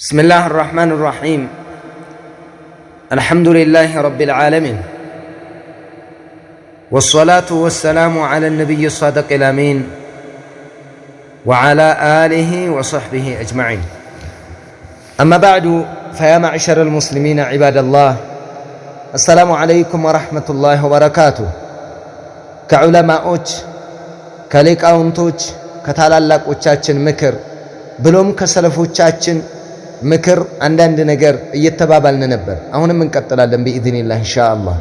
بسم الله الرحمن الرحيم الحمد لله رب العالمين والصلاة والسلام على النبي الصادق الأمين وعلى آله وصحبه أجمعين أما بعد فيا معشر المسلمين عباد الله السلام عليكم ورحمة الله وبركاته كعلماء ከዑለማዎች ከሊቃውንቶች مكر بلوم كسلف ከሰለፎቻችን مكر عندنا نجر يتباب لنا نبر أهون من كتلا لهم بإذن الله إن شاء الله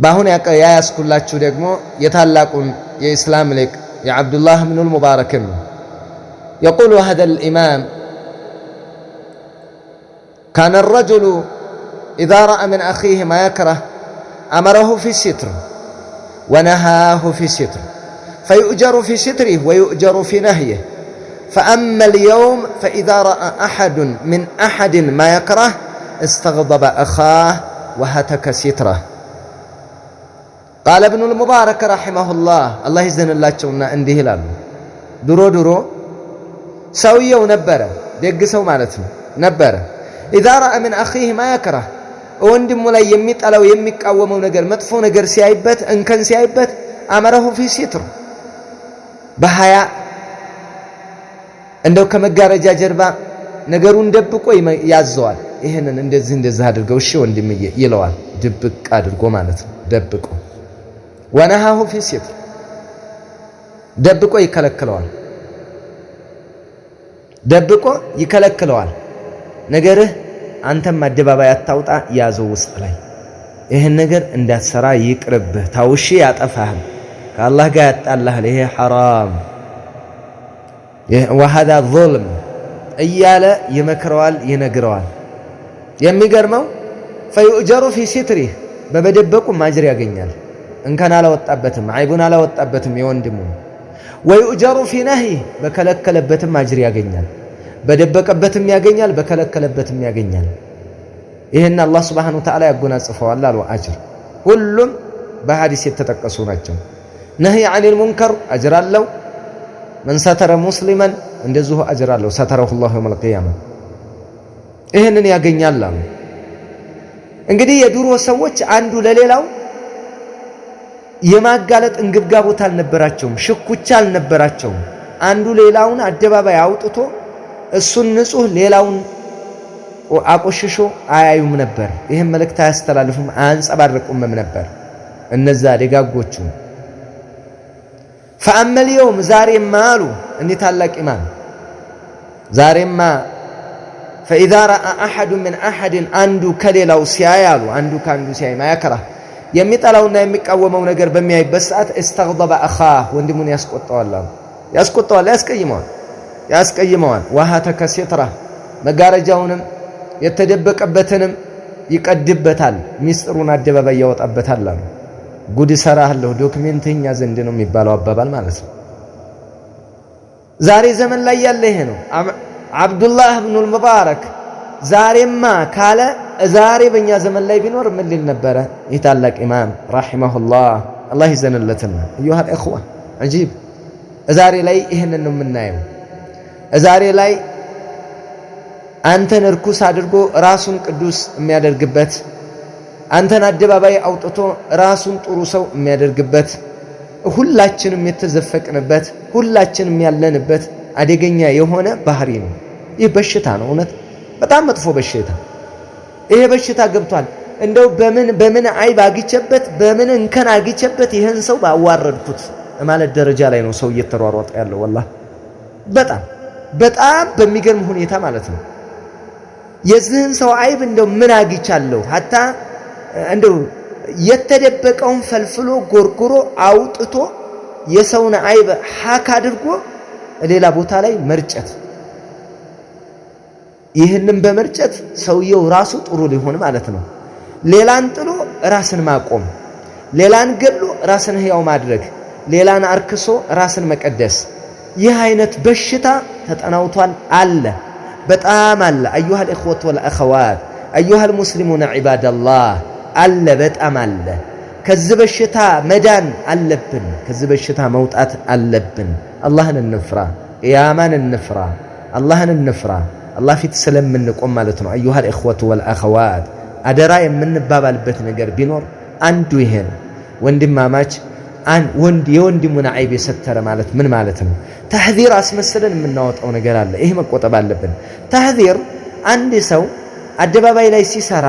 بهون أك يا أسك الله شريك مو يتعلقون يا إسلام لك يا عبد الله من المبارك يقول هذا الإمام كان الرجل إذا رأى من أخيه ما يكره أمره في ستر ونهاه في ستر فيؤجر في ستره ويؤجر في نهيه فأما اليوم فإذا رأى أحد من أحد ما يكره استغضب أخاه وهتك ستره قال ابن المبارك رحمه الله الله يزن الله تشونا عنده لنا درو درو سوية ونبرة دق سو مالتنا نبرة إذا رأى من أخيه ما يكره وند ملا يمت على ويمك أو مو نجر مدفون نجر سيابت إن كان سيابت أمره في ستر بهاء እንደው ከመጋረጃ ጀርባ ነገሩን ደብቆ ያዘዋል። ይህንን እንደዚህ እንደዚህ አድርገው እሺ ወንድምዬ ይለዋል። ድብቅ አድርጎ ማለት ነው። ደብቆ ወነሃሁ ፊ ሲትር ደብቆ ይከለክለዋል። ደብቆ ይከለክለዋል። ነገርህ አንተም አደባባይ አታውጣ፣ ያዘው ውስጥ ላይ ይህን ነገር እንዳትሰራ ይቅርብህ፣ ታውሺ ያጠፋህም፣ ከአላህ ጋር ያጣላህል። ይሄ ሐራም ወሀዛ ዙልም እያለ ይመክረዋል፣ ይነግረዋል። የሚገርመው ፈዩእጀሩ ፊ ሲትሪህ በመደበቁም አጅር ያገኛል። እንከን አላወጣበትም፣ አይቡን አላወጣበትም የወንድሙ ወዩእጀሩ ፊ ነህይህ በከለከለበትም አጅር ያገኛል። በደበቀበትም ያገኛል፣ በከለከለበትም ያገኛል። ይህን አላህ ስብሓነሁ ወተዓላ ያጎናጽፈዋል አሉ አጅር። ሁሉም በሀዲስ የተጠቀሱ ናቸው። ነህይ አኒል ሙንከር አጅር አለው። መን ሰተረ ሙስሊመን እንደዚሁ አጅር አለው። ሰተረሁ ላሁ የውመል ቂያማ ይህንን ያገኛል አሉ። እንግዲህ የድሮ ሰዎች አንዱ ለሌላው የማጋለጥ እንግብጋቦት አልነበራቸውም፣ ሽኩቻ አልነበራቸውም። አንዱ ሌላውን አደባባይ አውጥቶ እሱን ንጹህ ሌላውን አቆሽሾ አያዩም ነበር። ይህም መልእክት አያስተላልፉም፣ አያንጸባርቁምም ነበር እነዛ ደጋጎቹ ፈአመልየውም ዛሬማ አሉ እኒህ ታላቅ ኢማም ዛሬማ ፈኢዛ ረአ አሐዱ ምን አሐድን አንዱ ከሌላው ሲያይ አሉ አንዱ ከአንዱ ሲያይ ማያከራ የሚጠላውና የሚቃወመው ነገር በሚያይበት ሰዓት እስተግበ አኻ ወንድሙን ያስቆጠዋል አሉ ያስቆጠዋል፣ ያስቀይመዋል፣ ያስቀይመዋል። ዋሃ ተከሴትራ መጋረጃውንም የተደበቀበትንም ይቀድበታል፣ ሚስጥሩን አደባባይ ያወጣበታል አሉ። ጉድ እሰራለሁ ዶክሜንተኛ ዘንድ ነው የሚባለው አባባል ማለት ነው። ዛሬ ዘመን ላይ ያለ ይሄ ነው። አብዱላህ እብኑል ሙባረክ ዛሬማ ካለ ዛሬ በእኛ ዘመን ላይ ቢኖር ምን ሊል ነበረ? ይህ ታላቅ ኢማም ረሂመሁላህ አላህ ይዘንለትና እዩሃል እኽዋ ዐጂብ ዛሬ ላይ ይህንን ነው የምናየው። ዛሬ ላይ አንተን እርኩስ አድርጎ ራሱን ቅዱስ የሚያደርግበት አንተን አደባባይ አውጥቶ ራሱን ጥሩ ሰው የሚያደርግበት ሁላችንም የተዘፈቅንበት ሁላችንም ያለንበት አደገኛ የሆነ ባህሪ ነው። ይህ በሽታ ነው። እውነት በጣም መጥፎ በሽታ። ይሄ በሽታ ገብቷል። እንደው በምን በምን አይብ አግቼበት በምን እንከን አግቼበት ይህን ሰው ባዋረድኩት ማለት ደረጃ ላይ ነው ሰው እየተሯሯጠ ያለው። ወላ በጣም በጣም በሚገርም ሁኔታ ማለት ነው። የዚህን ሰው አይብ እንደው ምን አግቻለሁ ሀታ እንደው የተደበቀውን ፈልፍሎ ጎርጉሮ አውጥቶ የሰውን አይብ ሀክ አድርጎ ሌላ ቦታ ላይ መርጨት፣ ይህንም በመርጨት ሰውየው ራሱ ጥሩ ሊሆን ማለት ነው። ሌላን ጥሎ ራስን ማቆም፣ ሌላን ገሎ ራስን ህያው ማድረግ፣ ሌላን አርክሶ ራስን መቀደስ፣ ይህ አይነት በሽታ ተጠናውቷል አለ፣ በጣም አለ። አዩሃል ኢኽወት ወል አኸዋት፣ አዩሃል ሙስሊሙና ዒባደላህ አለ፣ በጣም አለ። ከዚህ በሽታ መዳን አለብን። ከዚህ በሽታ መውጣት አለብን። አላህን እንፍራ፣ ቅያማን እንፍራ፣ አላህን እንፍራ። አላህ ፊት ስለምንቆም ማለት ነው። አዩሃል እኽወቱ ወልአኸዋት አደራ የምንባባልበት ነገር ቢኖር አንዱ ይሄ ነው። ወንድማማች የወንድሙን አይብ የሰተረ ማለት ምን ማለት ነው? ተህዚር አስመስለን የምናወጣው ነገር አለ። ይህ መቆጠብ አለብን። ተህዚር አንድ ሰው አደባባይ ላይ ሲሰራ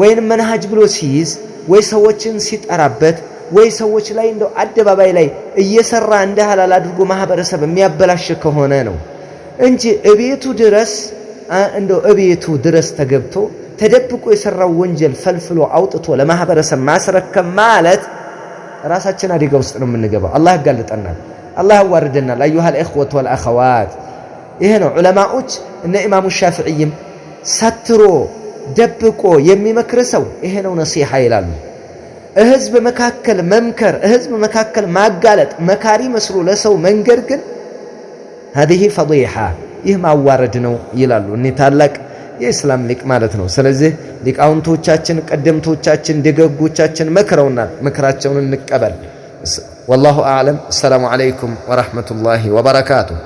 ወይንም መንሃጅ ብሎ ሲይዝ ወይ ሰዎችን ሲጠራበት ወይ ሰዎች ላይ እንደው አደባባይ ላይ እየሰራ እንደ አድርጎ ማህበረሰብ የሚያበላሽ ከሆነ ነው እንጂ እቤቱ ድረስ እንደው እቤቱ ድረስ ተገብቶ ተደብቆ የሰራው ወንጀል ፈልፍሎ አውጥቶ ለማህበረሰብ ማስረከብ ማለት ራሳችን አደጋ ውስጥ ነው የምንገባው። አላህ ያጋልጠናል፣ አላህ ያዋርደናል። አዩሃል ኢኽወት ወልአኸዋት ይሄ ነው ዑለማዎች እነ ኢማሙ ሻፍዕይም ሰትሮ ደብቆ የሚመክር ሰው ይሄ ነው ነሲሐ ይላሉ። ህዝብ መካከል መምከር፣ ህዝብ መካከል ማጋለጥ፣ መካሪ መስሎ ለሰው መንገድ ግን هذه فضيحة ይህ ማዋረድ ነው ይላሉ። እኔ ታላቅ የእስላም ሊቅ ማለት ነው። ስለዚህ ሊቃውንቶቻችን፣ ቀደምቶቻችን፣ ደገጎቻችን መክረውናል። ምክራቸውን እንቀበል። ወላሁ አዕለም። አሰላሙ ዓለይኩም ወረሕመቱላሂ ወበረካቱሁ።